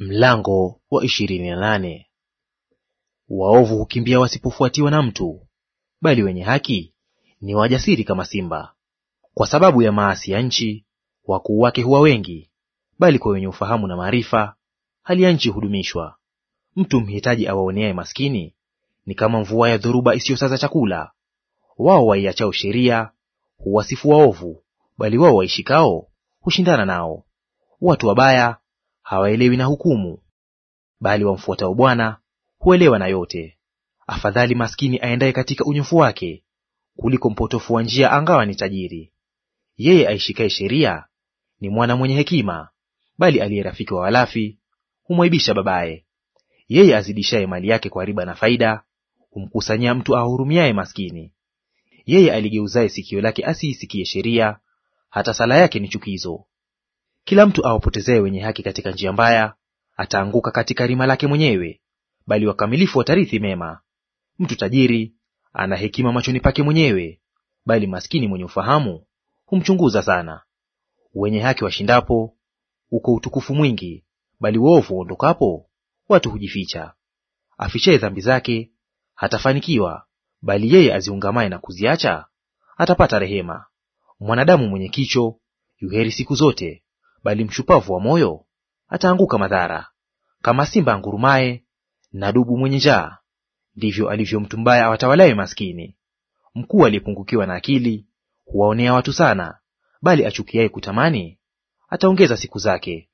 Mlango wa ishirini na nane. Waovu hukimbia wasipofuatiwa na mtu, bali wenye haki ni wajasiri kama simba. Kwa sababu ya maasi ya nchi, wakuu wake huwa wengi, bali kwa wenye ufahamu na maarifa hali ya nchi hudumishwa. Mtu mhitaji awaoneaye maskini ni kama mvua ya dhoruba isiyosaza chakula. Wao waiachao sheria huwasifu waovu, bali wao waishikao hushindana nao. Watu wabaya hawaelewi na hukumu, bali wamfuatao Bwana huelewa na yote. Afadhali maskini aendaye katika unyofu wake kuliko mpotofu wa njia angawa ni tajiri. Yeye aishikaye sheria ni mwana mwenye hekima, bali aliye rafiki wa walafi humwaibisha babaye. Yeye azidishaye mali yake kwa riba na faida humkusanyia mtu ahurumiaye maskini. Yeye aligeuzaye sikio lake asiisikie sheria, hata sala yake ni chukizo. Kila mtu awapotezee wenye haki katika njia mbaya ataanguka katika rima lake mwenyewe, bali wakamilifu watarithi mema. Mtu tajiri ana hekima machoni pake mwenyewe, bali maskini mwenye ufahamu humchunguza sana. Wenye haki washindapo uko utukufu mwingi, bali waovu waondokapo watu hujificha. Afichaye dhambi zake hatafanikiwa, bali yeye aziungamaye na kuziacha atapata rehema. Mwanadamu mwenye kicho yuheri siku zote, bali mshupavu wa moyo ataanguka madhara. Kama simba angurumaye na dubu mwenye njaa, ndivyo alivyo mtu mbaya awatawalaye maskini. Mkuu aliyepungukiwa na akili huwaonea watu sana, bali achukiaye kutamani ataongeza siku zake.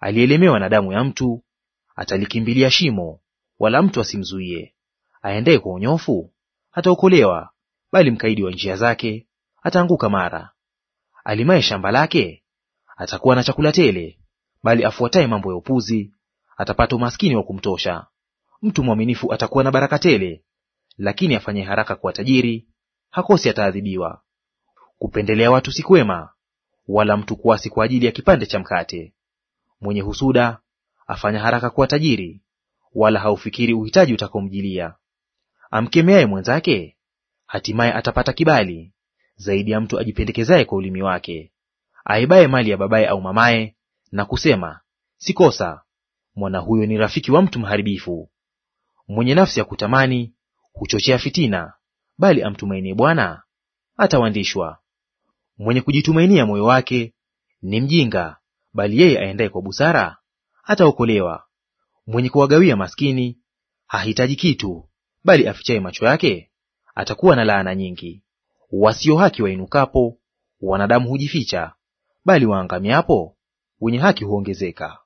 aliyelemewa na damu ya mtu atalikimbilia shimo, wala mtu asimzuie. Aendaye kwa unyofu ataokolewa, bali mkaidi wa njia zake ataanguka mara. Alimaye shamba lake atakuwa na chakula tele, bali afuataye mambo ya upuzi atapata umaskini wa kumtosha. Mtu mwaminifu atakuwa na baraka tele, lakini afanye haraka kuwa tajiri, hakosi ataadhibiwa. Kupendelea watu si kwema, wala mtu kuasi kwa ajili ya kipande cha mkate. Mwenye husuda afanya haraka kuwa tajiri, wala haufikiri uhitaji utakomjilia. Amkemeaye mwenzake hatimaye atapata kibali, zaidi ya mtu ajipendekezaye kwa ulimi wake aibaye mali ya babaye au mamaye, na kusema sikosa, mwana huyo ni rafiki wa mtu mharibifu. Mwenye nafsi ya kutamani huchochea fitina, bali amtumainie Bwana atawandishwa. Mwenye kujitumainia moyo wake ni mjinga, bali yeye aendaye kwa busara ataokolewa. Mwenye kuwagawia maskini hahitaji kitu, bali afichaye macho yake atakuwa na laana nyingi. Wasio haki wainukapo, wanadamu hujificha, bali waangamiapo wenye haki huongezeka.